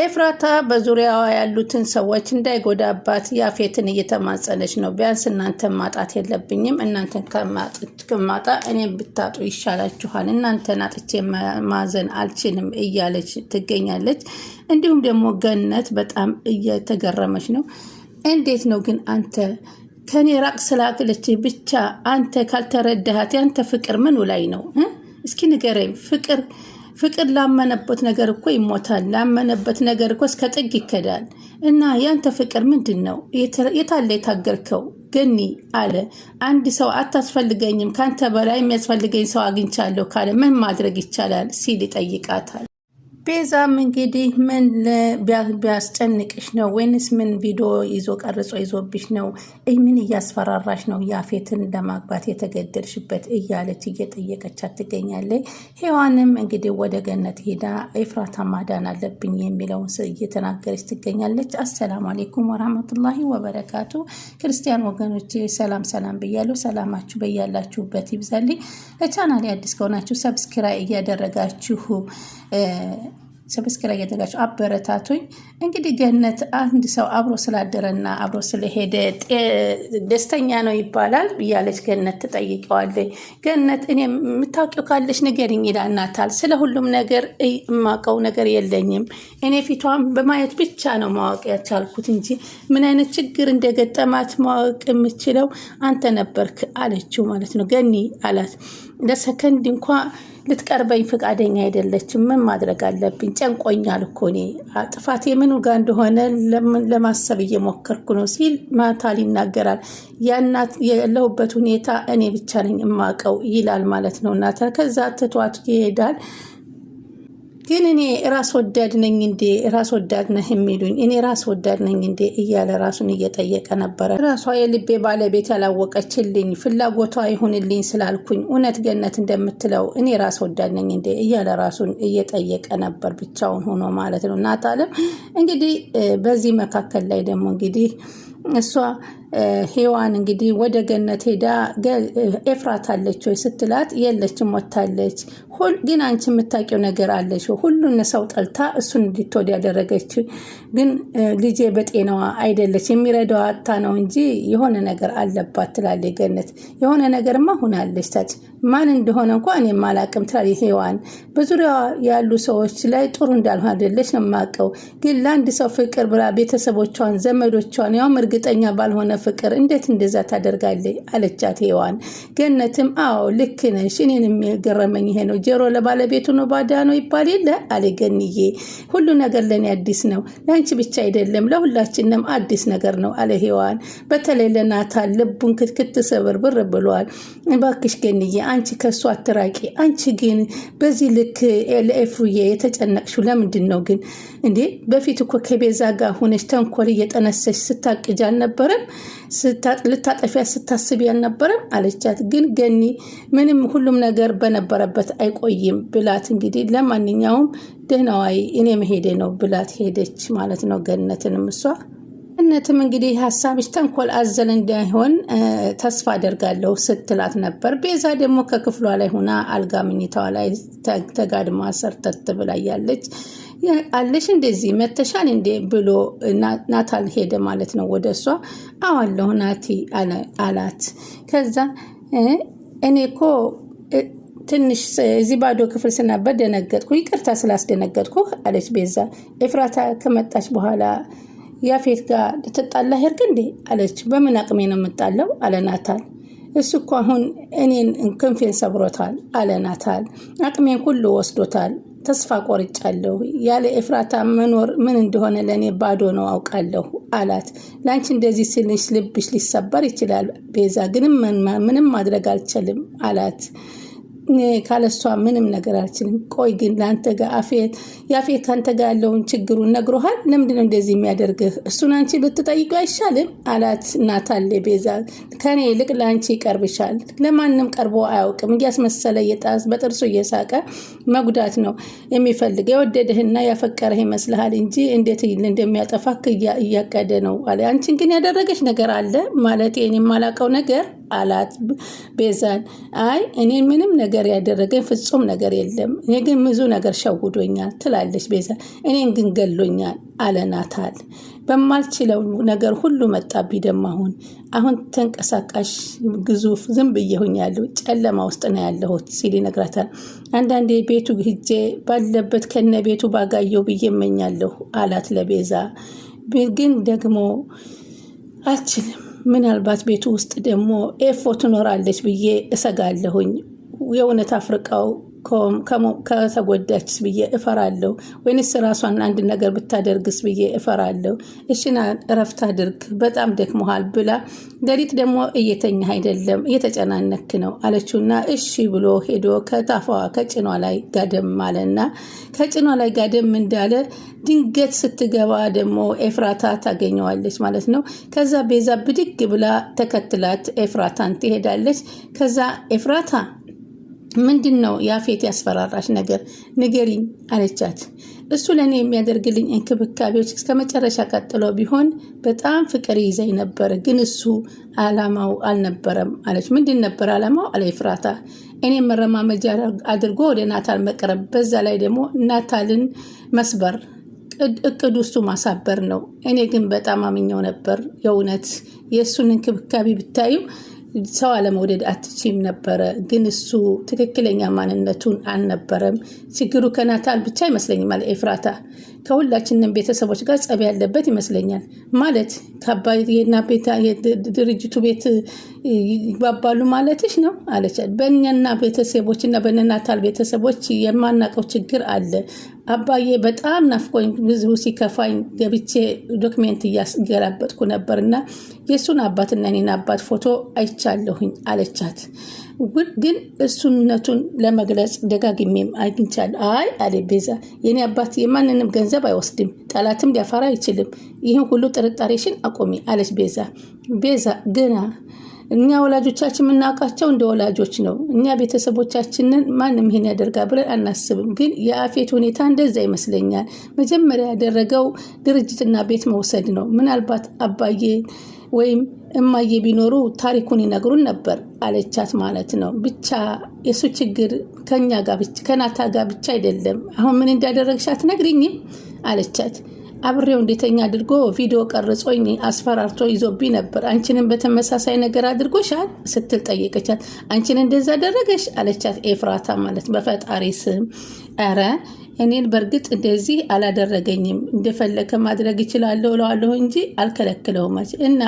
ኤፍራታ በዙሪያዋ ያሉትን ሰዎች እንዳይጎዳባት ያፌትን እየተማጸነች ነው። ቢያንስ እናንተን ማጣት የለብኝም። እናንተን ከማጣ እኔም ብታጡ ይሻላችኋል። እናንተን አጥቼ ማዘን አልችልም እያለች ትገኛለች። እንዲሁም ደግሞ ገነት በጣም እየተገረመች ነው። እንዴት ነው ግን አንተ ከኔ ራቅ ስላክለች ብቻ አንተ ካልተረዳሃት፣ ያንተ ፍቅር ምኑ ላይ ነው? እስኪ ንገረኝ ፍቅር ፍቅር ላመነበት ነገር እኮ ይሞታል። ላመነበት ነገር እኮ እስከ ጥግ ይከዳል። እና ያንተ ፍቅር ምንድን ነው? የታለ የታገርከው ገኒ አለ። አንድ ሰው አታስፈልገኝም፣ ከአንተ በላይ የሚያስፈልገኝ ሰው አግኝቻለሁ ካለ ምን ማድረግ ይቻላል ሲል ይጠይቃታል። ቤዛም እንግዲህ ምን ቢያስጨንቅሽ ነው? ወይንስ ምን ቪዲዮ ይዞ ቀርጾ ይዞብሽ ነው? ምን እያስፈራራሽ ነው ያፌትን ለማግባት የተገደድሽበት? እያለች እየጠየቀቻት ትገኛለች። ሔዋንም እንግዲህ ወደ ገነት ሄዳ ኤፍራታ ማዳን አለብኝ የሚለውን እየተናገረች ትገኛለች። አሰላሙ አሌይኩም ወራህመቱላሂ ወበረካቱ። ክርስቲያን ወገኖች ሰላም ሰላም ብያለሁ። ሰላማችሁ በያላችሁበት ይብዛልኝ። ለቻናል አዲስ ከሆናችሁ ሰብስክራይብ እያደረጋችሁ えー ሰብስክ ላይ አበረታቱኝ። እንግዲህ ገነት አንድ ሰው አብሮ ስላደረና አብሮ ስለሄደ ደስተኛ ነው ይባላል እያለች ገነት ትጠይቀዋለች። ገነት እኔ የምታውቂው ካለች ንገሪኝ ይላናታል። ስለ ሁሉም ነገር የማውቀው ነገር የለኝም። እኔ ፊቷን በማየት ብቻ ነው ማወቅ ያቻልኩት እንጂ ምን አይነት ችግር እንደገጠማት ማወቅ የምችለው አንተ ነበርክ አለችው ማለት ነው። ገኒ አላት። ለሰከንድ እንኳ ልትቀርበኝ ፈቃደኛ አይደለችም። ምን ማድረግ አለብኝ? ጨንቆኛል እኮ እኔ ጥፋት ምኑ ጋ እንደሆነ ለማሰብ እየሞከርኩ ነው ሲል ማታል ይናገራል። ያናት ያለሁበት ሁኔታ እኔ ብቻ ነኝ የማውቀው ይላል ማለት ነው ናታል። ከዛ ትቷት ይሄዳል። ግን እኔ ራስ ወዳድ ነኝ እንዴ ራስ ወዳድ ነህ የሚሉኝ እኔ ራስ ወዳድ ነኝ እንዴ እያለ ራሱን እየጠየቀ ነበረ። ራሷ የልቤ ባለቤት ያላወቀችልኝ ፍላጎቷ ይሁንልኝ ስላልኩኝ እውነት ገነት እንደምትለው እኔ ራስ ወዳድ ነኝ እንዴ እያለ ራሱን እየጠየቀ ነበር፣ ብቻውን ሆኖ ማለት ነው። እናታለም እንግዲህ በዚህ መካከል ላይ ደግሞ እንግዲህ እሷ ሄዋን እንግዲህ ወደ ገነት ሄዳ ኤፍራት አለች ወይ ስትላት የለችም ወታለች። ግን አንቺ የምታውቂው ነገር አለች። ሁሉን ሰው ጠልታ እሱን እንድትወድ ያደረገች ግን ልጄ በጤናዋ አይደለች የሚረዳው አታ ነው እንጂ የሆነ ነገር አለባት ትላለች ገነት። የሆነ ነገርማ ሁናለች ታች ማን እንደሆነ እንኳ እኔም አላቅም ትላለች ሄዋን። በዙሪያዋ ያሉ ሰዎች ላይ ጥሩ እንዳልሆነ አይደለች ነው የማውቀው። ግን ለአንድ ሰው ፍቅር ብላ ቤተሰቦቿን ዘመዶቿን ያውም እርግጠኛ ባልሆነ ፍቅር እንዴት እንደዛ ታደርጋለች? አለቻት ሔዋን። ገነትም አዎ ልክ ነሽ፣ እኔንም የገረመኝ ይሄ ነው። ጆሮ ለባለቤቱ ነው ባዳ ነው ይባል የለ አለ ገንዬ። ሁሉ ነገር ለእኔ አዲስ ነው፣ ለአንቺ ብቻ አይደለም፣ ለሁላችንም አዲስ ነገር ነው አለ ሔዋን። በተለይ ለናታን ልቡን ክትክት ብር ብሏል። እባክሽ ገንዬ አንቺ ከሱ አትራቂ። አንቺ ግን በዚህ ልክ ለኤፍሩዬ የተጨነቅሽው ለምንድን ነው ግን? እንዴ በፊት እኮ ከቤዛ ጋር ሆነሽ ተንኮል እየጠነሰሽ ስታቅጅ አልነበረም? ልታጠፊያት ስታስብ ያልነበረም አለቻት። ግን ገኒ ምንም ሁሉም ነገር በነበረበት አይቆይም ብላት እንግዲህ ለማንኛውም ደህናዋይ እኔ መሄዴ ነው ብላት ሄደች ማለት ነው ገነትንም እሷ እነትም እንግዲህ ሀሳብሽ ተንኮል አዘል እንዳይሆን ተስፋ አደርጋለሁ ስትላት ነበር። ቤዛ ደግሞ ከክፍሏ ላይ ሆና አልጋ ምኝታዋ ላይ ተጋድማ ሰርተት ብላ ያለች አለሽ እንደዚህ መተሻል እንዴ ብሎ ናታል ሄደ ማለት ነው ወደ እሷ። አዋለሁ ናቲ አላት። ከዛ እኔ እኮ ትንሽ እዚህ ባዶ ክፍል ስናበር ደነገጥኩ፣ ይቅርታ ስላስደነገጥኩ አለች ቤዛ። ኤፍራታ ከመጣች በኋላ ያፌት ጋር ልትጣላ ሄድክ እንዴ አለች። በምን አቅሜ ነው የምጣለው አለ ናታል። እሱ እኮ አሁን እኔን ክንፌን ሰብሮታል አለ ናታል። አቅሜን ሁሉ ወስዶታል። ተስፋ ቆርጫለሁ። ያለ ኤፍራታ መኖር ምን እንደሆነ ለእኔ ባዶ ነው አውቃለሁ አላት። ለአንቺ እንደዚህ ስልሽ ልብሽ ሊሰበር ይችላል ቤዛ፣ ግን ምንም ማድረግ አልችልም አላት። ካለሷ ምንም ነገር አልችልም። ቆይ ግን ለአንተ ጋር አፌት የአፌት ከአንተ ጋር ያለውን ችግሩን ነግሮሃል? ለምንድነው እንደዚህ የሚያደርግህ? እሱን አንቺ ብትጠይቂው አይሻልም? አላት ናታን ቤዛ። ከኔ ይልቅ ለአንቺ ይቀርብሻል። ለማንም ቀርቦ አያውቅም። እያስመሰለ እየጣስ በጥርሱ እየሳቀ መጉዳት ነው የሚፈልግ። የወደደህና ያፈቀረህ ይመስልሃል እንጂ እንዴት እንደሚያጠፋክ እያቀደ ነው አለ። አንቺን ግን ያደረገች ነገር አለ ማለት የኔ የማላውቀው ነገር አላት ቤዛን። አይ እኔ ምንም ነገር ያደረገኝ ፍጹም ነገር የለም፣ እኔ ግን ብዙ ነገር ሸውዶኛል ትላለች ቤዛ። እኔን ግን ገሎኛል አለ በማልችለው ነገር ሁሉ መጣብኝ። ደግሞ አሁን አሁን ተንቀሳቃሽ ግዙፍ ዝም ብዬ ሆኛለሁ፣ ጨለማ ውስጥ ነው ያለሁት ሲል ይነግራታል። አንዳንዴ ቤቱ ሂጄ ባለበት ከነ ቤቱ ባጋየው ብዬ እመኛለሁ አላት ለቤዛ። ግን ደግሞ አልችልም ምናልባት ቤቱ ውስጥ ደግሞ ኤፎ ትኖራለች ብዬ እሰጋለሁኝ። የእውነት አፍርቃው ከተጎዳችስ ብዬ እፈራለሁ። ወይንስ ራሷን አንድ ነገር ብታደርግስ ብዬ እፈራለሁ። እሽና እረፍት አድርግ፣ በጣም ደክመሃል ብላ ገሪት ደግሞ እየተኛ አይደለም እየተጨናነክ ነው አለችውና እሺ ብሎ ሄዶ ከታፏ ከጭኗ ላይ ጋደም አለና ከጭኗ ላይ ጋደም እንዳለ ድንገት ስትገባ ደግሞ ኤፍራታ ታገኘዋለች ማለት ነው። ከዛ ቤዛ ብድግ ብላ ተከትላት ኤፍራታን ትሄዳለች። ከዛ ኤፍራታ ምንድን ነው ያፌት ያስፈራራሽ ነገር ንገሪኝ አለቻት። እሱ ለእኔ የሚያደርግልኝ እንክብካቤዎች እስከ መጨረሻ ቀጥሎ ቢሆን በጣም ፍቅር ይዘኝ ነበር፣ ግን እሱ አላማው አልነበረም አለች። ምንድን ነበር አላማው አለ ፍራታ እኔ መረማመጃ አድርጎ ወደ ናታል መቅረብ፣ በዛ ላይ ደግሞ ናታልን መስበር እቅዱ እሱ ማሳበር ነው። እኔ ግን በጣም አምኘው ነበር። የእውነት የእሱን እንክብካቤ ብታዩ ሰው አለመውደድ አትችም ነበረ፣ ግን እሱ ትክክለኛ ማንነቱን አልነበረም። ችግሩ ከናታል ብቻ ይመስለኛል ኤፍራታ ከሁላችንም ቤተሰቦች ጋር ጸብ ያለበት ይመስለኛል። ማለት ከአባዬና ድርጅቱ ቤት ይግባባሉ ማለትሽ ነው አለች። በእኛና ቤተሰቦች እና በነናታል ቤተሰቦች የማናውቀው ችግር አለ። አባዬ በጣም ናፍቆኝ ብዙ ሲከፋኝ ገብቼ ዶክሜንት እያስገላበጥኩ ነበርና የእሱን አባትና እኔን አባት ፎቶ አይቻለሁኝ አለቻት። ግን እሱነቱን ለመግለጽ ደጋግሜም አግኝቻለሁ። አይ አለ ቤዛ፣ የኔ አባት የማንንም ገንዘብ አይወስድም፣ ጠላትም ሊያፈራ አይችልም። ይህን ሁሉ ጥርጣሬሽን አቆሚ አለች ቤዛ። ቤዛ ገና እኛ ወላጆቻችን የምናውቃቸው እንደ ወላጆች ነው። እኛ ቤተሰቦቻችንን ማንም ይሄን ያደርጋ ብለን አናስብም። ግን የአፌት ሁኔታ እንደዛ ይመስለኛል። መጀመሪያ ያደረገው ድርጅትና ቤት መውሰድ ነው። ምናልባት አባዬ ወይም እማዬ ቢኖሩ ታሪኩን ይነግሩን ነበር አለቻት ማለት ነው። ብቻ የእሱ ችግር ከኛ ጋር ከናታ ጋር ብቻ አይደለም። አሁን ምን እንዳደረግሽ አትነግሪኝም አለቻት። አብሬው እንዴተኛ አድርጎ ቪዲዮ ቀርጾኝ አስፈራርቶ ይዞብኝ ነበር። አንቺንም በተመሳሳይ ነገር አድርጎሻል ስትል ጠየቀቻት። አንቺን እንደዛ አደረገሽ አለቻት ኤፍራታ ማለት በፈጣሪ ስም ኧረ እኔን በእርግጥ እንደዚህ አላደረገኝም፣ እንደፈለገ ማድረግ ይችላለሁ እለዋለሁ እንጂ አልከለክለውም። እና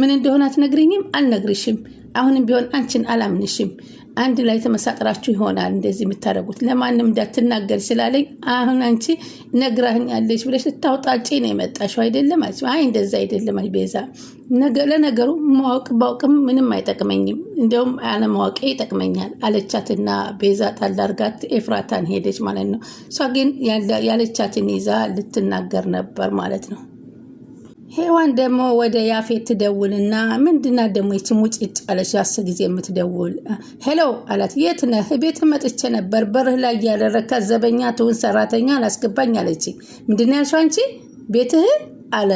ምን እንደሆነ አትነግርኝም? አልነግርሽም አሁንም ቢሆን አንቺን አላምንሽም። አንድ ላይ ተመሳጥራችሁ ይሆናል እንደዚህ የምታደርጉት። ለማንም እንዳትናገር ስላለኝ አሁን አንቺ ያለች ብለሽ ልታውጣጪ ነው የመጣሽው አይደለም? አይ እንደዛ አይደለም ቤዛ። ለነገሩ ማወቅ ባውቅም ምንም አይጠቅመኝም፣ እንዲያውም አለማወቄ ይጠቅመኛል አለቻትና ቤዛ ታላርጋት ኤፍራታን ሄደች ማለት ነው። እሷ ግን ያለቻትን ይዛ ልትናገር ነበር ማለት ነው። ሄዋን ደግሞ ወደ ያፌት ትደውልና ምንድና ደግሞ ይች ሙጭጭ አለች። አስር ጊዜ የምትደውል ሄሎ አላት። የት ነህ? ቤት መጥቼ ነበር። በርህ ላይ ያደረግካት ዘበኛ ትሁን ሰራተኛ አላስገባኝ አለች። ምንድን ያልሽው አንቺ ቤትህ አለ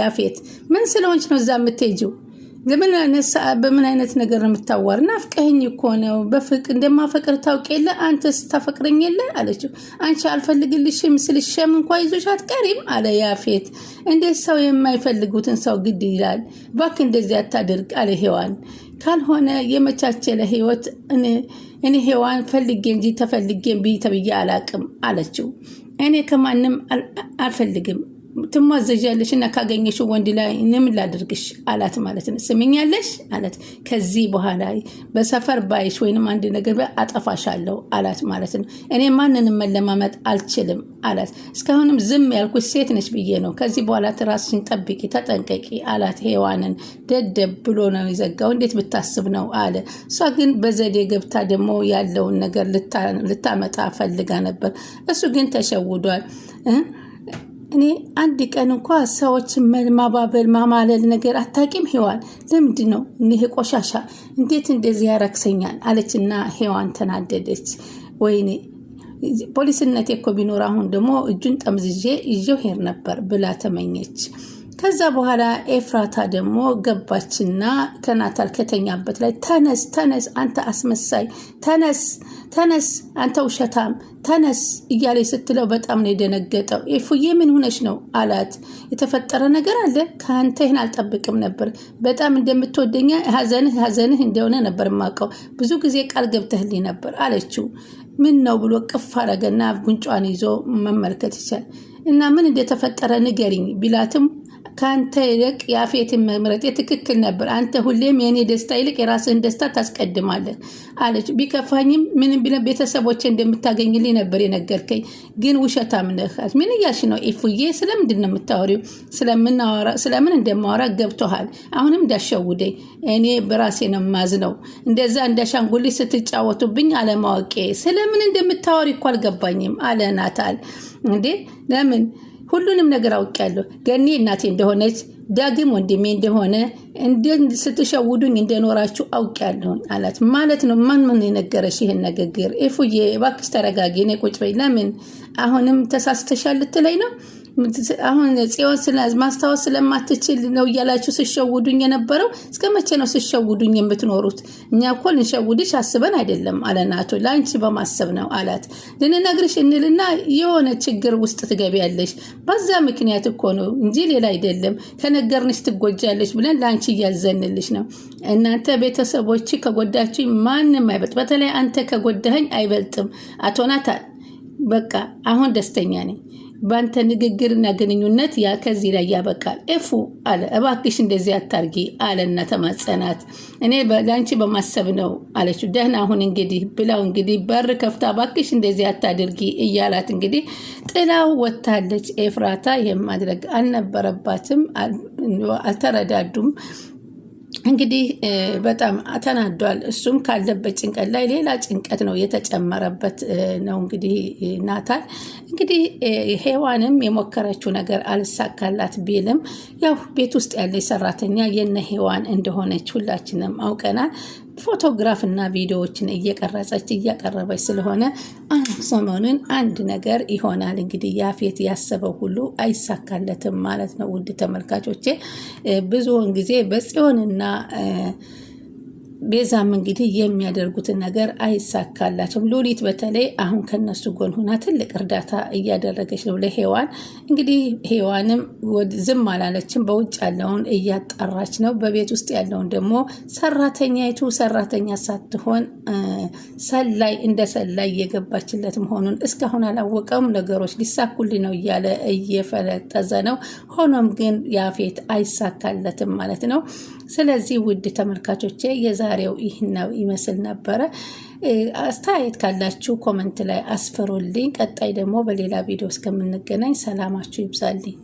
ያፌት። ምን ስለሆንች ነው እዛ የምትሄጂው? በምን አይነት ነገር ነው የምታዋር? ናፍቀህኝ እኮ ነው። እንደማፈቅር ታውቅ የለ አንተ ስታፈቅረኝ የለ አለችው። አንቺ አልፈልግልሽም ስልሸም እንኳ ይዞሽ አትቀሪም አለ ያፌት። እንዴት ሰው የማይፈልጉትን ሰው ግድ ይላል? እባክህ እንደዚህ አታደርግ አለ ሔዋን። ካልሆነ የመቻቸለ ህይወት እኔ ሔዋን ፈልጌ እንጂ ተፈልጌ ብይ ተብዬ አላቅም አለችው። እኔ ከማንም አልፈልግም ትማዘዣለሽ እና ካገኘሽው ወንድ ላይ ምን ላድርግሽ አላት ማለት ነው። ስምኛለሽ አላት። ከዚህ በኋላ በሰፈር ባይሽ ወይንም አንድ ነገር አጠፋሻለሁ አላት ማለት ነው። እኔ ማንንም መለማመጥ አልችልም አላት። እስካሁንም ዝም ያልኩት ሴት ነች ብዬ ነው። ከዚህ በኋላ ትራስሽን ጠብቂ፣ ተጠንቀቂ አላት። ሔዋንን ደደብ ብሎ ነው የዘጋው። እንዴት ብታስብ ነው አለ። እሷ ግን በዘዴ ገብታ ደግሞ ያለውን ነገር ልታመጣ ፈልጋ ነበር። እሱ ግን ተሸውዷል። እኔ አንድ ቀን እንኳ ሰዎች ማባበል ማማለል ነገር አታቂም ሔዋን ለምንድን ነው እኒህ ቆሻሻ እንዴት እንደዚህ ያረክሰኛል አለችና ሔዋን ተናደደች ወይኔ ፖሊስነት እኮ ቢኖር አሁን ደግሞ እጁን ጠምዝዤ ይዤው ሄር ነበር ብላ ተመኘች ከዛ በኋላ ኤፍራታ ደግሞ ገባችና ከናታል ከተኛበት ላይ ተነስ ተነስ፣ አንተ አስመሳይ ተነስ ተነስ፣ አንተ ውሸታም ተነስ እያለ ስትለው በጣም ነው የደነገጠው። ኤፉዬ ምን ሆነች ነው አላት። የተፈጠረ ነገር አለ ከአንተ ይህን አልጠብቅም ነበር። በጣም እንደምትወደኛ ሀዘንህ ሀዘንህ እንደሆነ ነበር የማውቀው። ብዙ ጊዜ ቃል ገብተህልኝ ነበር አለችው። ምን ነው ብሎ ቅፍ አረገና ጉንጯን ይዞ መመልከት ይቻል እና ምን እንደተፈጠረ ንገሪኝ ቢላትም ከአንተ ይልቅ የአፌትን መምረጤ ትክክል ነበር። አንተ ሁሌም የእኔ ደስታ ይልቅ የራስህን ደስታ ታስቀድማለህ አለች። ቢከፋኝም ምንም ቢለ ቤተሰቦች እንደምታገኝልኝ ነበር የነገርከኝ፣ ግን ውሸታም ነህ። ምን እያልሽ ነው ኢፉዬ? ስለምንድን ነው የምታወሪው? ስለምን እንደማወራ ገብቶሃል። አሁንም እንዳሸውደኝ እኔ በራሴ ነው ነው። እንደዛ እንዳሻንጉሊት ስትጫወቱብኝ አለማወቄ። ስለምን እንደምታወሪ እኮ አልገባኝም አለ ናታል። እንዴ ለምን ሁሉንም ነገር አውቄያለሁ። ገኔ እናቴ እንደሆነች ዳግም ወንድሜ እንደሆነ ስትሸውዱኝ እንደኖራችሁ አውቄያለሁ አላት። ማለት ነው ማን ምን የነገረሽ ይህን ንግግር? ኤፉዬ እባክሽ ተረጋጊ፣ ነይ ቁጭ በይ። ለምን አሁንም ተሳስተሻል ልትለኝ ነው? አሁን ጽዮን ማስታወስ ስለማትችል ነው እያላችሁ ስሸውዱኝ የነበረው። እስከ መቼ ነው ስሸውዱኝ የምትኖሩት? እኛ እኮ ልንሸውድሽ አስበን አይደለም አለና አቶ ለአንቺ በማሰብ ነው አላት። ልንነግርሽ እንልና የሆነ ችግር ውስጥ ትገቢያለሽ። በዛ ምክንያት እኮ ነው እንጂ ሌላ አይደለም። ከነገርንሽ ትጎጃለሽ ብለን ለአንቺ እያዘንልሽ ነው። እናንተ ቤተሰቦች ከጎዳችኝ ማንም አይበልጥ፣ በተለይ አንተ ከጎዳኸኝ አይበልጥም። አቶ ናታን በቃ አሁን ደስተኛ ነኝ። በአንተ ንግግርና ግንኙነት ያ ከዚህ ላይ ያበቃል። ኤፉ አለ እባክሽ እንደዚህ አታርጊ አለና ተማጸናት። እኔ ለአንቺ በማሰብ ነው አለች ደህና አሁን እንግዲህ ብላው እንግዲህ በር ከፍታ እባክሽ እንደዚህ አታድርጊ እያላት እንግዲህ ጥላው ወታለች። ኤፍራታ ይህም ማድረግ አልነበረባትም። አልተረዳዱም። እንግዲህ በጣም ተናዷል። እሱም ካለበት ጭንቀት ላይ ሌላ ጭንቀት ነው የተጨመረበት ነው። እንግዲህ ናታል እንግዲህ ሄዋንም የሞከረችው ነገር አልሳካላት ቢልም ያው ቤት ውስጥ ያለች ሰራተኛ የነ ሄዋን እንደሆነች ሁላችንም አውቀናል። ፎቶግራፍና ቪዲዮዎችን እየቀረጸች እያቀረበች ስለሆነ ሰሞኑን አንድ ነገር ይሆናል። እንግዲህ ያፌት ያሰበው ሁሉ አይሳካለትም ማለት ነው። ውድ ተመልካቾቼ ብዙውን ጊዜ በጽዮንና ቤዛም እንግዲህ የሚያደርጉትን ነገር አይሳካላቸውም። ሉሊት በተለይ አሁን ከነሱ ጎን ሆና ትልቅ እርዳታ እያደረገች ነው ለሔዋን። እንግዲህ ሔዋንም ዝም አላለችም። በውጭ ያለውን እያጣራች ነው። በቤት ውስጥ ያለውን ደግሞ ሰራተኛይቱ ሰራተኛ ሳትሆን ሰላይ እንደ ሰላይ እየገባችለት መሆኑን እስካሁን አላወቀውም። ነገሮች ሊሳኩልኝ ነው እያለ እየፈለጠዘ ነው። ሆኖም ግን ያፌት አይሳካለትም ማለት ነው። ስለዚህ ውድ ተመልካቾቼ የዛ የዛሬው ይህን ይመስል ነበረ። አስተያየት ካላችሁ ኮመንት ላይ አስፈሩልኝ። ቀጣይ ደግሞ በሌላ ቪዲዮ እስከምንገናኝ ሰላማችሁ ይብዛልኝ።